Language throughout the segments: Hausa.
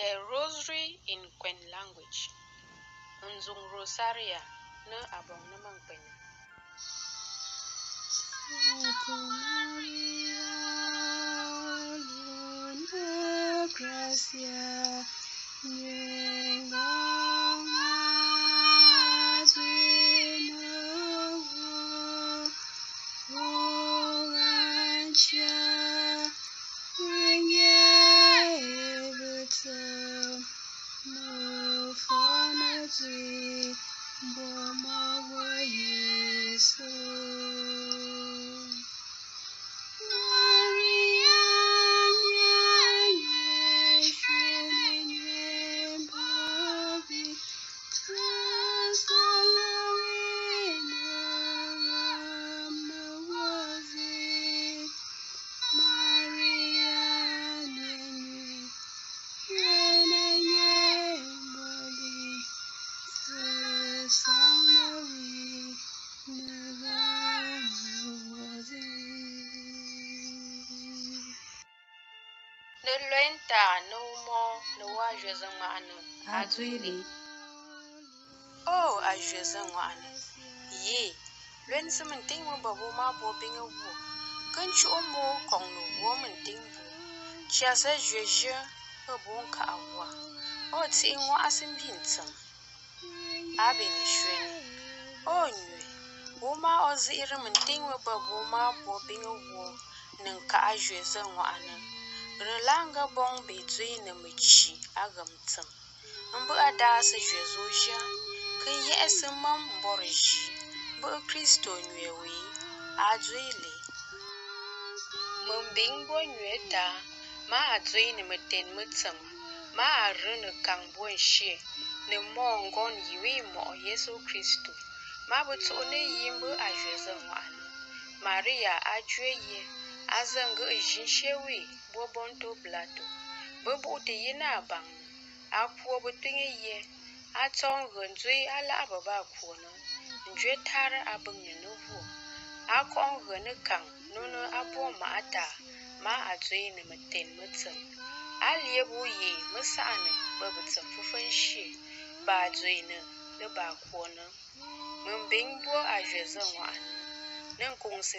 The Rosary in Kwen language. Nzung Rosaria no abong naman Kwen. Maria, Gracia, ajuezan ma'anu azuiri o ajuezan ma'anu ye lwen simin ting mo babu ma bo binga wu kan ombo kong no wo min ting bu chia sa jueje e bon ka awa o ti in asin bin abe ni shwen o nyue wo ma o zi irin min ting mo babu ma bo binga wu nin ka ajuezan Rilanga bɔŋ beedzoe ni mɛchi agam tim m a da su zoʒia ka n-yiɣisi mam bɔri ʒii biɣi Kristo a aadzoili. le. be n-bo ta ma a aadzoe ni mɛten mɛ ma a arri ni kaŋ bɔn shee ni moongon yiwi muɣi yesu Kristo bu bi ne yi yimbu a ʒe zinwɔɣu ni. Maria a dɔe a zaŋgi e shi shewi bɔ bonto blato bo buɣuti yi a baŋ e a poɔ bu tɔŋɛ yie a tɔŋ ghindɔɛ a laɣaba ba a puuni n dɔɛ taari a biŋni ni vuo a kɔŋ ghini kaŋ nono a buɣum ma a taa ma a dɔɛ ni ma ten ma tem a leebu yee mi saɣani ba bi tim fufun shee ba a dɔɛ ni ne ba a kuuni ŋun bin bo a ʒe ʒe ŋɔɣani ne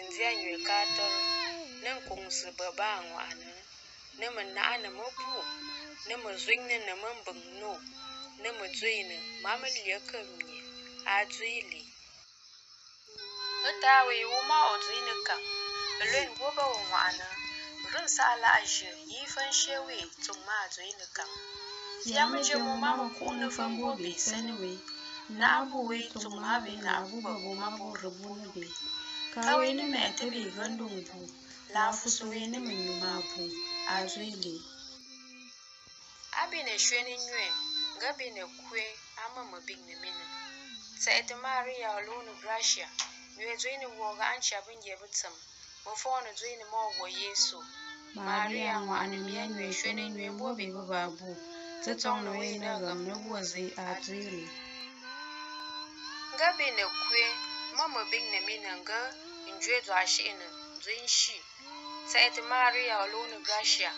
n diɛ nyuɛ ka ne ninkuŋsi ba ba a ŋɔɣani ne mo naɣa ni mo buɣum ni mo zuɣuni ni mini bin nuu ni mo doyini mami liya ka n nyɛ a doyili di taawei wuma o doyini kam bi gobe wa ba wo ŋɔɣani rin saha laha ʒe yifan sheewe tiŋ maa doyini kam fiɛmi je mo ma mo kuɣuni fam bo be sani we naɣabu we tiŋ maa be naɣabu ba bo ma bo ribu ni be ka we ni mɛ ti gandun bu laafu so we mun yi nyu bu azwili Abine ne hwɛ ne nyuɛ nga bi ne kue ama mo big ne mine sɛɛti mari ya gracia nyuɛ dzoi ne wɔga ankyɛ bin yɛ bi tim mo fɔɔ ne dzoi ne mɔɔ wɔ yesu maria ŋwani mia nyuɛ hwɛ ne nyuɛ bo bi tetong na bu ti tɔŋ ne wei ne ɣem ne wo zi azwili nga bi ne kue ma mo big ne mine nga n dzoi dzɔ ashi'ini dzoi n shi Said Maria olunu gasha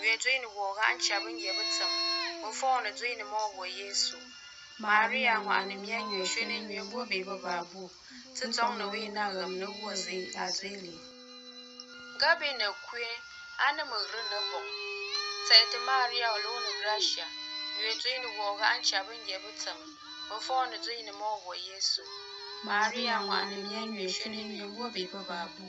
we dwini woga ancha binge butam mfono dwini mogo Yesu Maria wa anemia nyehwe ne nyebo be babu titong no we na gam no wozi azeli Gabe na kwe ana mugru na bon Said Maria olunu gasha we dwini woga ancha binge butam mfono more mogo Yesu Maria wa anemia nyehwe ne nyebo be babu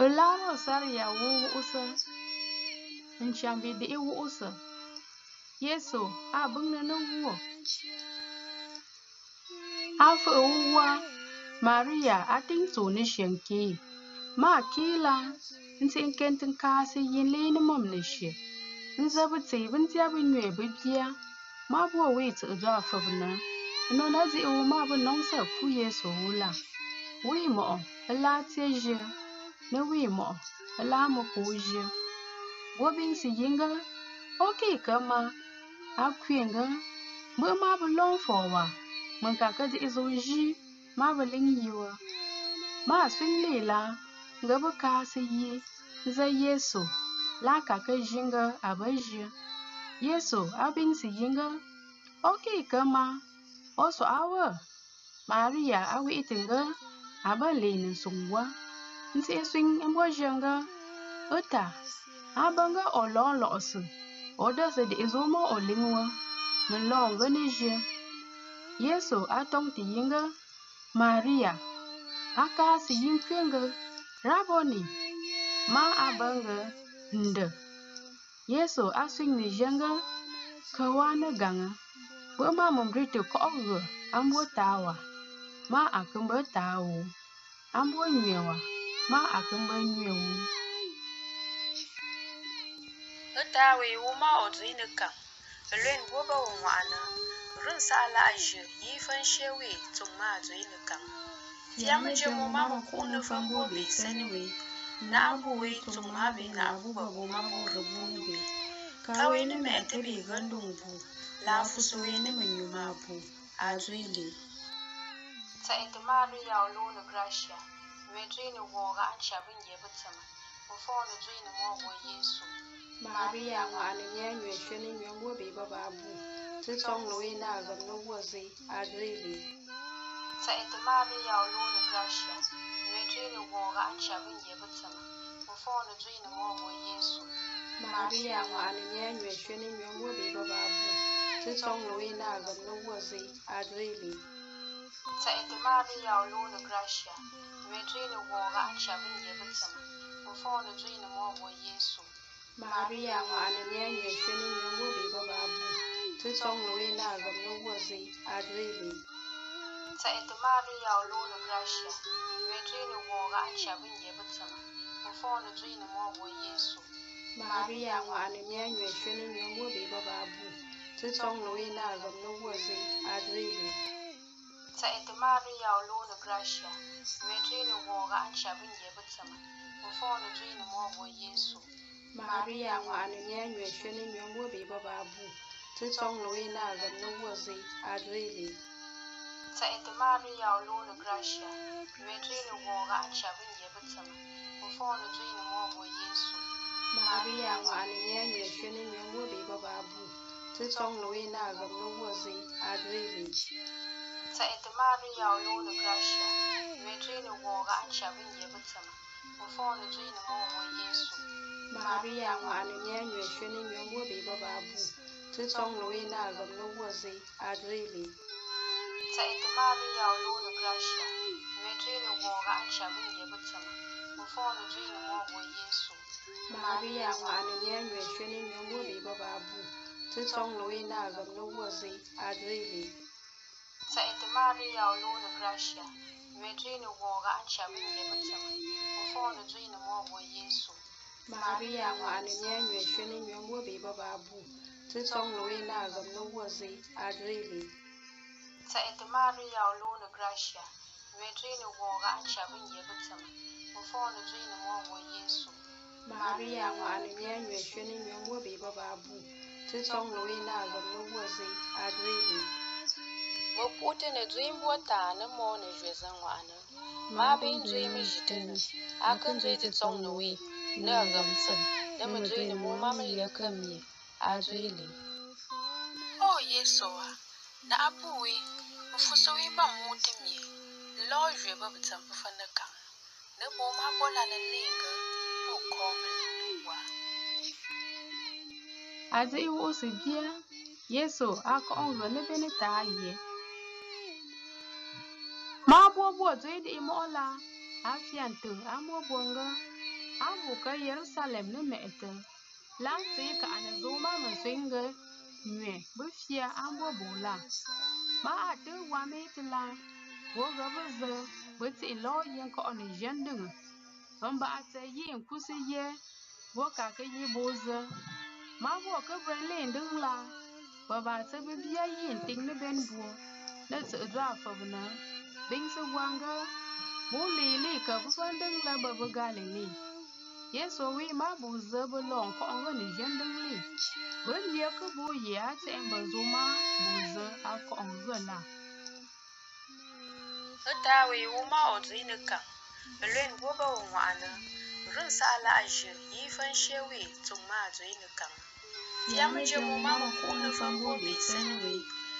Pəlangɔ sariya wuɣi wuhusi n-chaŋ bidihi usa Yesu a ah biŋni na wuo. A fuhi wuwa Maria a tin tooni shɛm kee, maa kiilan n-tihi kɛn tinkaasi ni mɔni shɛ, n-za bɛ ti bindɛra binyɔi bɛ bia maa bo wi tihi dɔɔfu bɛ na. Nɔna diɣigu ma bi nɔŋ sari ku Yesu wu la. Wuhi mɔ'ɔ, bɛ laa te ni wimo ilamu kuji wobin si yinga oki kama akwinga mbe ma bu lon fowa mun kaka di izo ji ma bu lin yiwa ma sun lela nga bu ka si yi za yeso la kaka jinga abaji yeso abin si yinga oki kama oso awa maria awi itinga sung sungwa nti eswing embo jenga uta abanga o lo lo su o da se de izomo o lingwa min lo ngani je yeso atong ti yinga maria aka si yinkwenga raboni ma abanga nda yeso aswing ni jenga kawana ganga bo ma mumbrito ko ngo ambo tawa ma akamba tawo ambo nyewa ma a kà mgbenyu ewu n taawe wu ma o dui ni kaŋ n luen goba wo ŋɔɣuni rin saɣa laɣa yi fɛn sheewe tuŋ ma a dui ni ya tiyamu mu ma mu kuɣu ni fɛn bo be sani we naɣabuwe tuŋ ma be naɣabuba bo ma mu di buuni be kawe ni mɛ ti bai gandun bu laafu soye ni mi yi ma bu a dui le e tɛhindi maa ni yaw looni gracia wedrini woga an shabin yebutama mufono dwini mogo yesu maria wa anemia nyweshweni nywanguo beba babu titong lowe na agam no wozi agrili sa ete maria olone gracia wedrini woga an shabin yebutama mufono dwini mogo yesu maria wa anemia nyweshweni nywanguo beba babu titong lowe na agam no wozi agrili sa ete maria olone gracia Medrini wɔha gboo butama mfɔdo drini mɔbɔ Yesu Maria wa ananya nyese ni nyungu riba babu tutong na agam nuwazi adrili Ta ete Maria wa lulu Yesu Maria na agam nuwazi adrili Ta'id Maria Luna Gracia, Medrina Woga and Shabin Yabutama, before the dream of Yesu. Maria and Yan Yashin Yan Wobi Babu, Titong Luina and Nuwazi Adrili. Ta'id Maria Luna Gracia, Medrina Woga and Shabin Yabutama, before the dream of Yesu. Maria and Yan Yashin Yan Wobi Babu, Titong Luina and Nuwazi Adrili. 在的马里要录的歌是，因为最近的活干起不也不成嘛，我放的最近的我我因素。马里安花的年月，雪的年月，我被爸爸补，只从罗伊那根罗沃斯阿朱里。在的马里要录的歌是，因为最近的活干起不也不成嘛，我放的最近的我我因素。马里安的年月，雪的年月，我被爸爸补，只从罗伊那根罗沃斯阿朱里。Saint Maria o luɣuli gracia Medrini wɔɔga n shɛbi n nyɛ bi tiŋa o fooni Yesu Maria ŋɔɣuni nyɛnyɔ shɛli nyɔm wo bee ba baa bu ti tɔŋ adrili Saint Maria o luɣuli gracia Medrini wɔɔga n shɛbi n nyɛ bi tiŋa o fooni Yesu Maria ŋɔɣuni nyɛnyɔ shɛli nyɔm wo bee ba baa bu ti tɔŋ adrili Makute ne dzoimbo ta ne mɔ ne zwe zã ŋwa'ni. Maa bee dzoimi ʒi dinni, a kan dzoi ti ni wii ni a ɣimsi, di mi dzoi ni mo mam liya ka miya, a dzoi li. O wa, naɣibu wii, nfuso wii ban mooi ti miya, n lɔɔ zwe bi bi tim fini kaŋa, di bo maa bɔla ni neengi o koomili ni waa. A dihi wuhisi bia, Yesu a kɔhimba ni bɛ ni ta a mo bo zoi di mo la a fian tu a mo bonga a bu ka yerusalem ne me te la se ka an zo ma ma swinga nwe bu fia a mo bo la ma a te wa me te la wo ga bu ze bu ti lo yin ko on jen ding ban ba te yin ku se ye wo ka ke yi bo ze ma bo ka bu le ding la ba ba te bu bia yin ting ne ben bu na se dwa fa bu na bingsa wanga mo lele ka fu san dang la ba bu ga le ni ye so wi ma bu za bu lon ko an ga ni jan dang le bu ye ka bu ye a ce en ba zo ma bu za a ko an ga na a ta wi wu ma o zi ni ka le ni bu ba wu ma na run sa la a ji yi fan she wi tu ma zi ni ka ya mu je mu ma mu ko ni fan bu bi san wi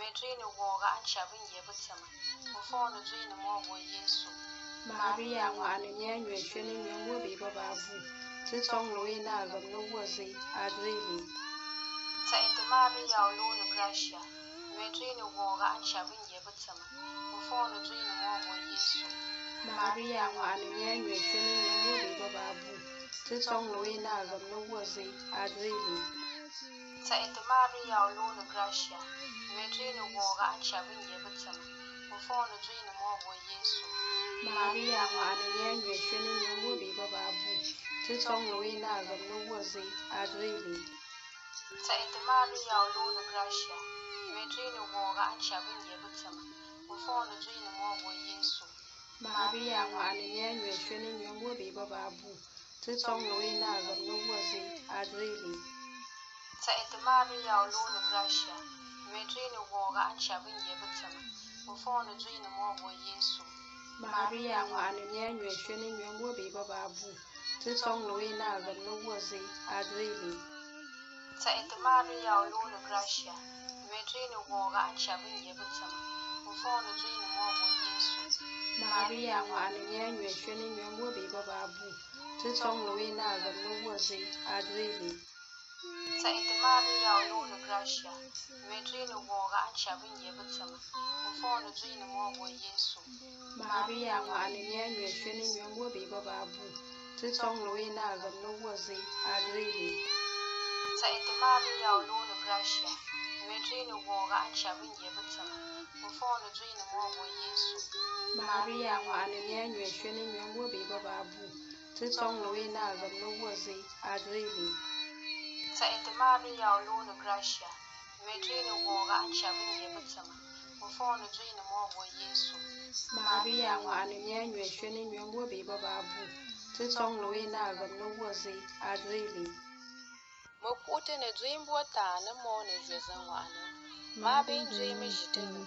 vetri ni woga ancha vinge vutsama mufono zvino mwo yesu maria mwana nyanyu yeshoni nyangu bibo babu tsitsong lo ina ga ngwo zi adrili tsa eto maria olono gracia vetri ni woga ancha vinge vutsama mufono zvino mwo yesu maria mwana nyanyu yeshoni nyangu bibo babu tsitsong lo ina ga ngwo zi adrili tsa eto maria olono gracia Metrine gwoga atshavingye butsema. Mufono twine mwobwo Yesu. Maria mwanelya nyweshe ninyunguli bababu. Titong luina agam adwili. Sainte Maria oluna gracia. Metrine gwoga atshavingye butsema. Mufono twine mwobwo Yesu. Maria mwanelya nyweshe ninyunguli bababu. Titong luina agam adwili. Sainte Maria oluna gracia. mejini woga acha binye butama ufono jini mwogo yesu mahari ya mwane mianywe shweni mwongo biba babu tutong luwe na agano wazi adwili ta ito mahari ya ulunu gracia mejini woga acha binye butama ufono jini mwogo yesu mahari ya mwane mianywe shweni mwongo biba babu tutong luwe na agano wazi adwili itimari Sa'idmaria Oluna Gracia, Medrino Woga Anchabinye Butama, Mufono Zini Mwogo Yesu. Maria wa Anemia Meshwini Mwobi Bababu, Tutong Luina Gamnuwazi Adrili. Sa'idmaria Oluna Gracia, Medrino Woga Anchabinye Butama, Mufono Zini Mwogo Yesu. Maria wa Anemia Meshwini Mwobi Bababu, Tutong Luina Gamnuwazi Adrili. Edemari yauloni Gracia, wekini woga nshabinye butsama, mufono zwini mwobo Yesu. Maria wa alimye nyweshe biba babu, na agam no adrili. Mokute ne dwimbo ta ne mo ne jwezan wana, jitinu,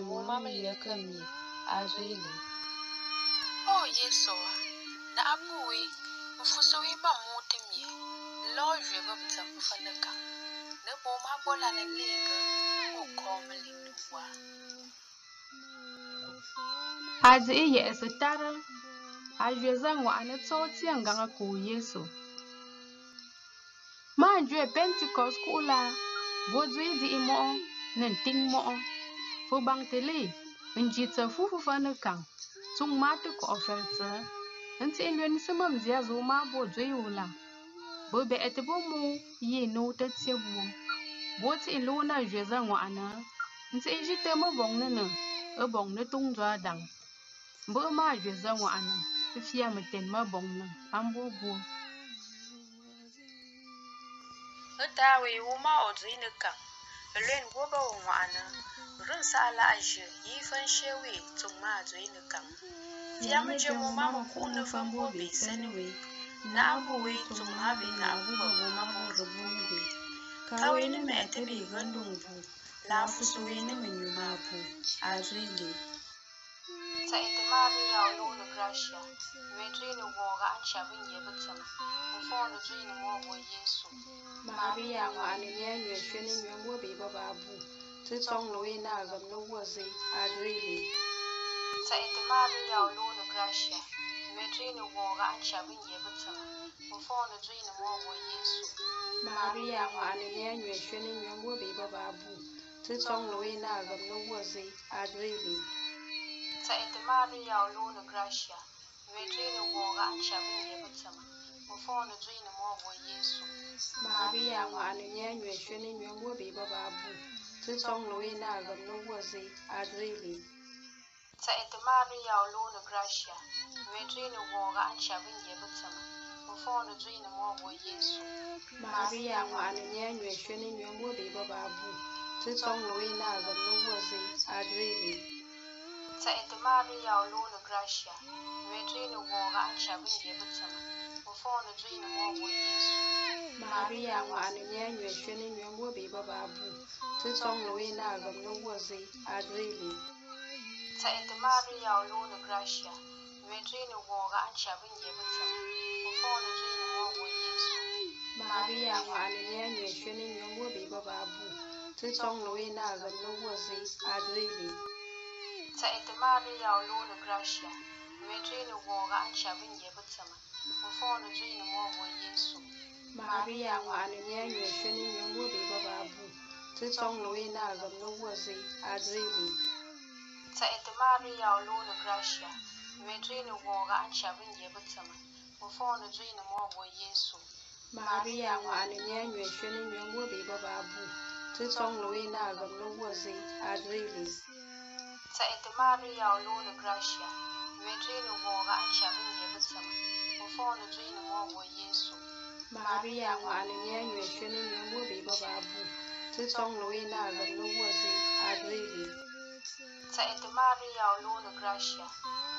ne ne adrili. Oh yes, sir. Na apuwe, mfou sou ima mouti mye, lò jwe mwè ptè mfou fè nèkang, nè pou mwa bolanèk lèkè, mwè kom lèk dè wwa. A zè yè esè tarè, a jwe zè mwè anè tso tsyan gwa nga kou yè sou. Ma anjwe pen ti kos kou la, bo zwe di imo an, nen ting mo an. Fou bank tè lè, mnjè tè fou fou fè nèkang, sou mwè mwè ptè kou ofèl tè, Ntse e lwen se mem zia zo ma bo dzo yo la. Bo be ete bo mu yi no te tse bu. Bo tse e lo na jwe za ngwa ana. Ntse e ji te mo bong ne ne. E bong ne tung zwa dang. Bo ma jwe za ngwa ana. Te fia me ten ma bong ne. Am bo bo. E ta we wo ma o dzo ne ka. Lwen go ba wo ngwa ana. Run sa la a je yi fan shewe tung ma dzo ne ka. Diamaje mo mama kuno fambo be senwe. Na abu we tum habe na abu ba mo mama rubu be. Kawe ni me tebe gandun bu. La fusu we ni me nyuma bu. Azwili. Ta itima bi ya ulu na gracia. We drini wo ga an shabin ye bitin. Mu fondo drini mo wo Yesu. Ma bi ya wa ani ye nywe shweni nywe mo be baba bu. Tutong lo we na gam no wo ze. Azwili. Azwili. Ta iti mari yau looni gracia, medrini wɔɔga an shabin yebita, mu fɔɔni dwini mɔɔbo Yesu. Maria wa anenia nyue shwene nyuengo beba babu, ti tɔŋ loe na agam no wɔze adrili. Ta iti mari yau looni gracia, medrini wɔɔga an shabin yebita, mu fɔɔni dwini mɔɔbo Yesu. Maria wa anenia nyue shwene nyuengo beba babu, ti tɔŋ loe na agam no wɔze adrili. Tae'd Mari yau luni grashia, medrini goga an shabin yebutama, mufonu dwini mogo Yesu. Maria wa anenyenywe shweni nyongo bibo babu, tutong wui na galuwozi adribi. Tae'd Mari yau luni grashia, medrini goga an shabin yebutama, mufonu dwini mogo Yesu. Maria wa anenyenywe shweni nyongo bibo babu, tutong wui na a adribi. Sa Edmaria Olone Gracia, a woga anshabinge buta, ufone trini wogo Yesu. Maria wa anenya nyeshweni nyombo biba babu, tunsong lowe na agano wazi adwele. Sa Edmaria Olone Gracia, wetrini woga anshabinge buta, ufone trini wogo Yesu. Maria wa anenya nyeshweni nyombo biba babu, tunsong lowe na agano wazi adwele. Tahiti maa ni yaw looni Gracia bɛ mi duuni wɔɔgi a ni shɛba bin yɛ Maria ŋɔɣili nyɛnyɔɛ shɛli n nyɛ ŋɔ bɛ baa na ti wazi Luwi ni a gimdi wɔzi Adrelis Gracia bɛ mi duuni wɔɔgi Maria ŋɔɣili nyɛnyɔɛ shɛli n nyɛ ŋɔ bɛ baa na ti wazi Luwi Ta Edmaria Olona Gracia,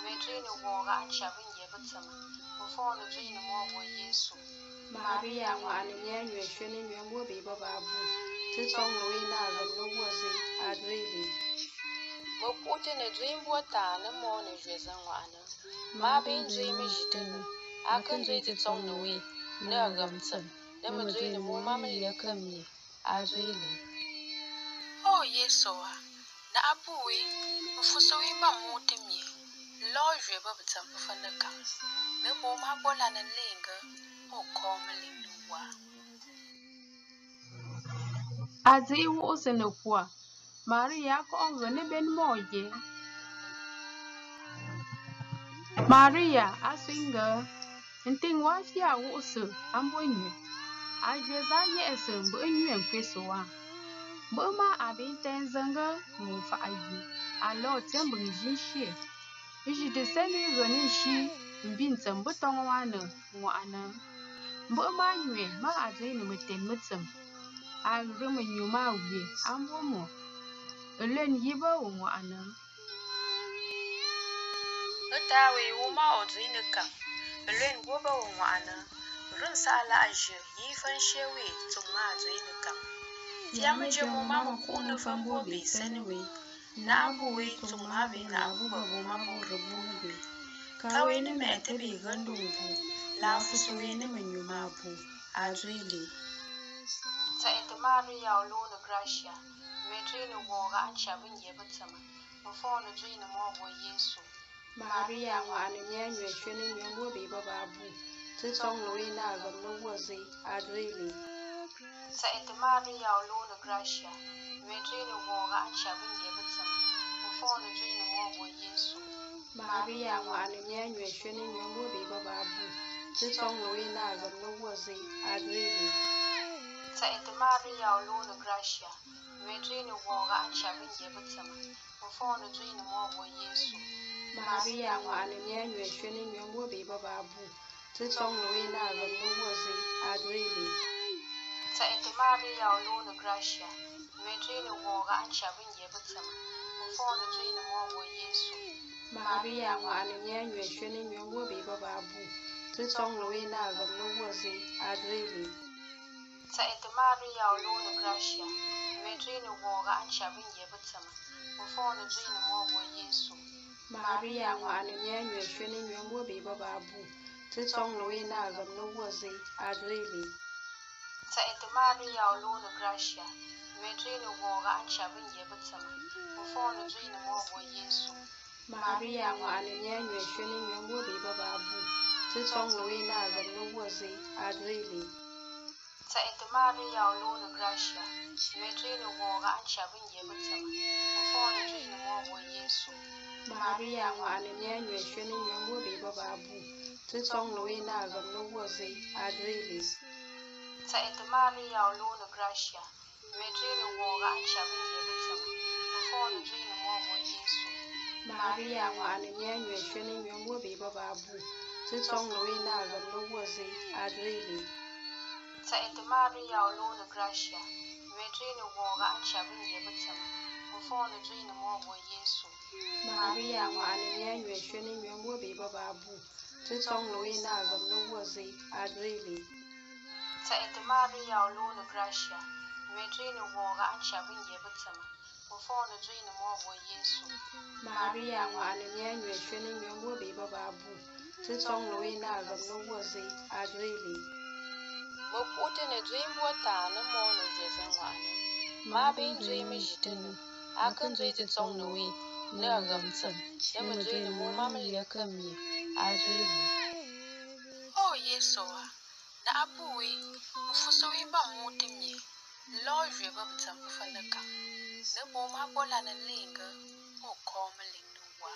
vedrine woga anshavin yebutsama, mufonu drine mogo Yesu. Maria wa anenya nyweshweni nyembo beba babu, titsong luina agano wazi adrili. Bokute ne dwimbo tane mo ne jwezan wa anan, mabin dwimi jitinu, akan dwi titsong luwi, ne agamtsim, ne mdwini mo mamilya kamye, adrili. Oh Yesu wa. na n-fu wi ba mooti mia n-looi ʒwe bɛ bitimbi ni kam ni o koom liŋdi waa. A dihi a, Maria kɔɣiŋgi n'ebe beni Maria a swingi, n-tiŋ waafiia wuhisi a bo nyɛ, a Bo ma abintenzanga mu faʼ yi àlo tɨ mbɨŋ ji nshye. Zhì tɨ̀seni ghə ni nshi mbi ntsèm bɨ toŋwanɨ ŋwà'nə. Mbəʼ ma nywe ma àdzeynɨ mɨ̀tèm mɨ tsɨ̀m. À ghɨ̀rə mɨ̀nyù ma ghyè a mbo mù. Ɨ̀lwèn yi bə wù ŋwà'nə. Ghɨ ta wè wu ma ò dzɨynɨ kàŋ. Ɨ̀lwèn ghu bə wù ŋwà'nɨ. Ghɨ̀rə nsaʼ la' jɨ yi fe nshe wê tsùŋ ma adzóynɨ kàŋ. Yamije mu mama kuna fambo be sanwe na abuwe ma be na abuba bo mama rubun be kawe ni me tabe gandun bu la fuso ye ni mun yuma bu a zuile ta ita maria olona gracia metrino goga an shabin ye butama mu fona zuina mo bo yesu maria wa ananya nywe shini nyambo be ba bu tsong loina gandun wazi a zuile sa etemaari yaw looni gracia medrini wɔɔga n shɛbi n yɛ bi tima n fɔɔni dini wɔɔgo yinsu maabi yaa ŋmahini mia nyɔɛ shɛni nyɔmbo bee ba baa bu ti tɔŋni gracia medrini wɔɔga n shɛbi n yɛ bi tima n fɔɔni dini wɔɔgo yinsu maabi yaa ŋmahini mia nyɔɛ shɛni nyɔmbo bee ba baa Ta intimari ya looni gracia medrini wɔɔga an shɛbi n yɛ bi tima n fooni dini wɔɔbo yeesu maria ŋɔɣani nyɛ ŋmɛhwɛ ni ŋmɛ wo bee baa na a lɔm ni wɔzi a dɔɛli ya looni gracia medrini wɔɔga an shɛbi n yɛ bi tima n fooni dini maria ŋɔɣani nyɛ ŋmɛhwɛ ni ŋmɛ wo bee baa na a lɔm ni Ta edimari ya olona gracia, vedrine woga anshabi nyebutama, mufono zwine mogo Yesu. Maria wa alinya nyweshweni nyanguri bababu, tutongo wina agaluwazi adwili. Ta edimari ya olona gracia, vedrine woga anshabi nyebutama, mufono zwine mogo Yesu. Maria wa alinya nyweshweni nyanguri bababu, tutongo wina agaluwazi adwili. Ta ete mari yaw luna gracia. Medrine woga an shabi yebisam. Bufonu drine mwobo yesu. Maria wa ane nyanyo shwene nyombo biba babu. Titong lowe na agam lowozi adrili. Ta ete mari yaw luna gracia. Medrine woga an shabi yebisam. Bufonu drine mwobo yesu. Maria wa ane nyanyo shwene nyombo biba babu. Titong lowe na agam lowozi adrili. Edmari yaulwni Gracia, medrini wɔɔga a chabi yebu tima, o Yesu. Maria ŋɔɣili nyɛla ŋmɛshini ŋmɛmbo bee baa bu, ti ni na alim ni wɔzi a dweyili. Bɛ kuɣiti ni dweyimbo taa ni mɔɔni dwezi ŋɔɣili, maa bee dweyimi ʒi dini, a kan dweyi ti sɔŋ ni na ni mi mi, a O oh, Yesu wa. abu we bu fuso wi ba mutum ye lo yue ba bu tsam bu falaka ne bo ma bo la na linga o ko ma ling nu wa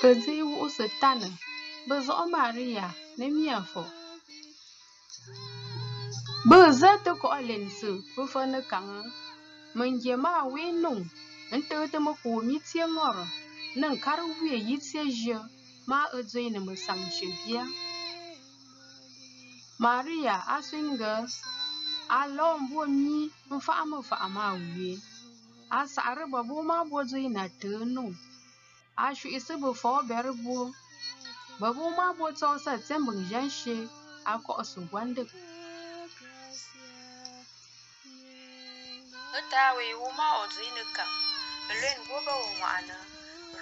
ka zi wuɣusi tani bɛ zuɣu Maria ni miɛfɔ bɛ za ti kɔɣilinsi fɛfɛ ni kaŋa min je maa wee niŋ n-tiɣiti mi ka o mi tia ŋɔri ni n-kari wuya yi tia ʒia maa o dɔi ni mi saŋ shibia Maria Asingers alon bo ni mfa mo ma wiye asare bo bo ma bo zo ina tenu ashu ise bo fo ber bo bo bo ma bo to sa tembo janshe ako osu gwande utawe wu ma ozu ina ka lwen bo bo wa ana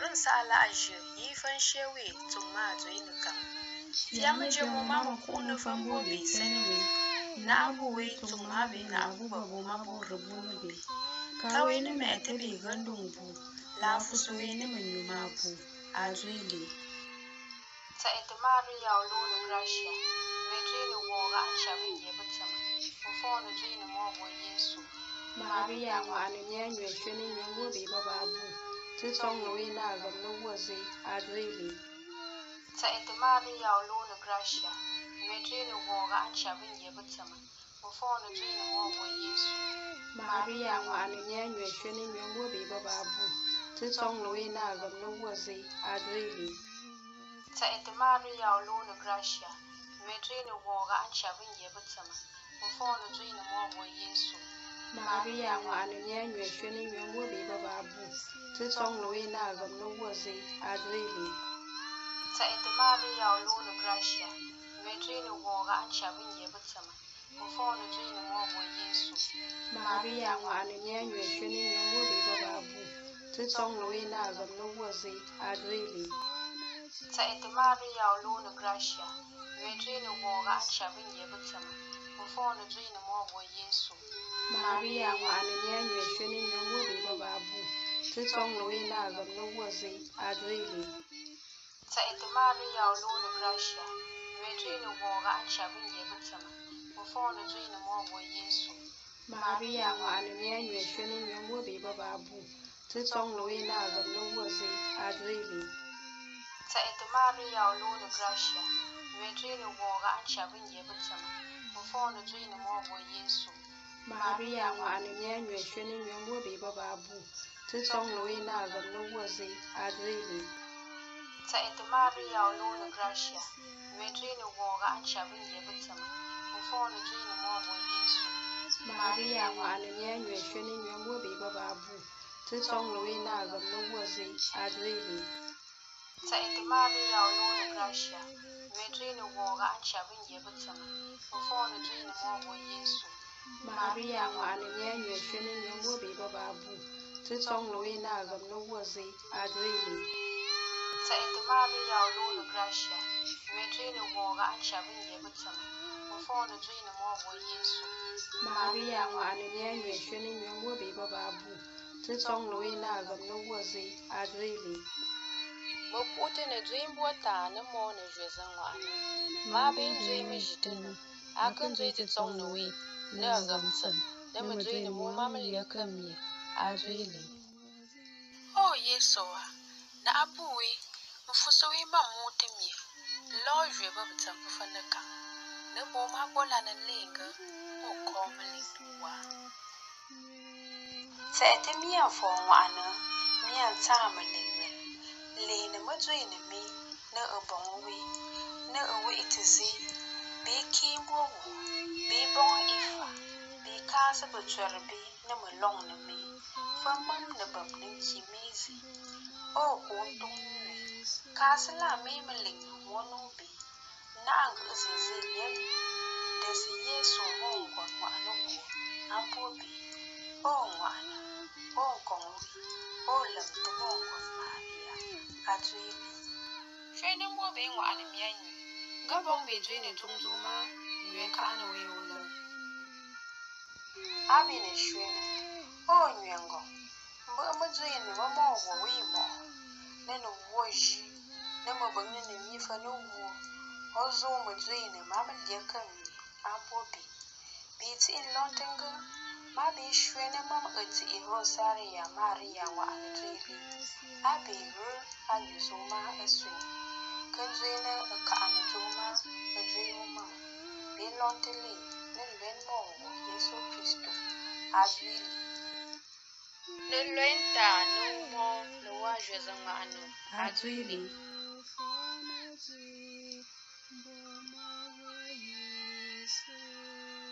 run sa ala ashu yi fan shewe tumma zo ina ka ya muje mu ma mu kunu fambo bai sani be na abu wai tun ma bai na abu ba bo ma bo rubu be kawai ni mai ta be gandun bu lafu so ye ni mun yi ma bu a zuile ta ita mariya ololin rasha mai jini wora an shabi ya bata mu ni jini mawa yesu maria wa anunya nyo e shini nyo bo be ba babu ti song no we na gam no wo zai a zuile Tahiti maa ni yɛo looni Gracia Medrini wɔɔga a ni shɛba bin yɛ bi ti mi o fooni duuni wɔɔ bo Yeesu Maria ŋɔɣili nyɛla ŋmɛkpe ni ŋmɛnbo bee baa bu ti tɔŋ Luwi Naawuni ni wɔzi Adreeli Tahiti maa ni yɛo looni Gracia Medrini wɔɔga a ni shɛba bin yɛ bi ti mi o fooni duuni wɔɔ bo Yeesu Maria ŋɔɣili nyɛla ŋmɛkpe ni ti ta ita e ma bi ya olona gracia mai jini wọra an shabi ne ya bata ma mafọnu jini wọwa yesu ma bi ya wa anemi anyo eshe ni ne mo bi ba ba bu tun tong lori e na azam na wazi adrili ta ita e ma bi ya olona gracia mai jini wọra an shabi ne ya bata ma mafọnu jini wọwa yesu ma bi ya wa anemi anyo eshe ni ne mo bi ba ba bu tun tong lori na azam na wazi adrili itimari ya loori gracia bɛ tuyini wɔɔga an shɛbi n yɛ bi chɛma o fɔɔni maria ŋmahanimiya nyɛshɛli nyɛ mɔbi ba baa bu ti tɔŋli wee na agirili wɔzi itimari ya gracia bɛ tuyini wɔɔga an shɛbi n yɛ bi chɛma o fɔɔni maria ŋmahanimiya nyɛshɛli nyɛ mɔbi ba baa bu ti tɔŋli wee na agirili Ta idimariya olunugrazia, medrini woga anshabin yebitama, ufonu jini mwabu yesu. Maria wa ananyanyo shweni nyambu biba babu, tutong lwe na agam nubwazi adwili. Ta idimariya olunugrazia, medrini woga anshabin yebitama, ufonu jini mwabu yesu. Maria wa ananyanyo shweni nyambu biba babu, tutong lwe na agam nubwazi adwili. ta احتمال يعولون براشيا مدرين وغا أنشابين يبتم وفون درين موغو يسو ماريا وعنيا يشنين يمو بيبا بابو تنسون ba غمنا وزي أدريلي Bakuti na dzoyin bota ni mo ni zvezan na Ma bin dzoyi mi jitinu. Akin dzoyi ti tsong ni wi ni a gamtsin. Da mu dzoyi ni mo ma mi ya kan mi a dzoyi O oh, Yesu wa, na abu Mfou sou ima mwote miye, lojwe bop tsep kou fane kak, ne bom ak wola nan lege, mwoko mwen lindouwa. Tse ete mi an foun wane, mi an tsa mwen lindouwe. Le nan mwajwe nan mi, nan e bon wwe, wi, nan e wwe wi ite zi, be kin mwou, be bon ifa, be kase bote were bi, nan mwen lon nan mi, fwa mwen mwen bop lindouwe. Ou ou ton, kaasila mimi liŋa wɔnɔ bi naɣim zizi lɛmi disi yeesu ŋun ko ŋmahino bi o ŋmahina o o limti o ko ŋmahiya a tuyi bi shɛli din buɔ bee ŋmahini miya nyuɛ ga ka o wo ne mabɔnɔ ne myifa ne wuo ɔzɔɔmo dzoyine mama lɛka mi e abɔ bi beeti in lɔntinga ma bi shwe ne mam ati ihro e sariya mariya wa anadzoyiri a bi ru a yuzoma esu kan dzoyine aka e anadzoma adzoyoma bi lɔntili ne lwen mɔwo yesu kristo azwili ne lwen ta ne mɔ ne wa zwe zama anu azwili.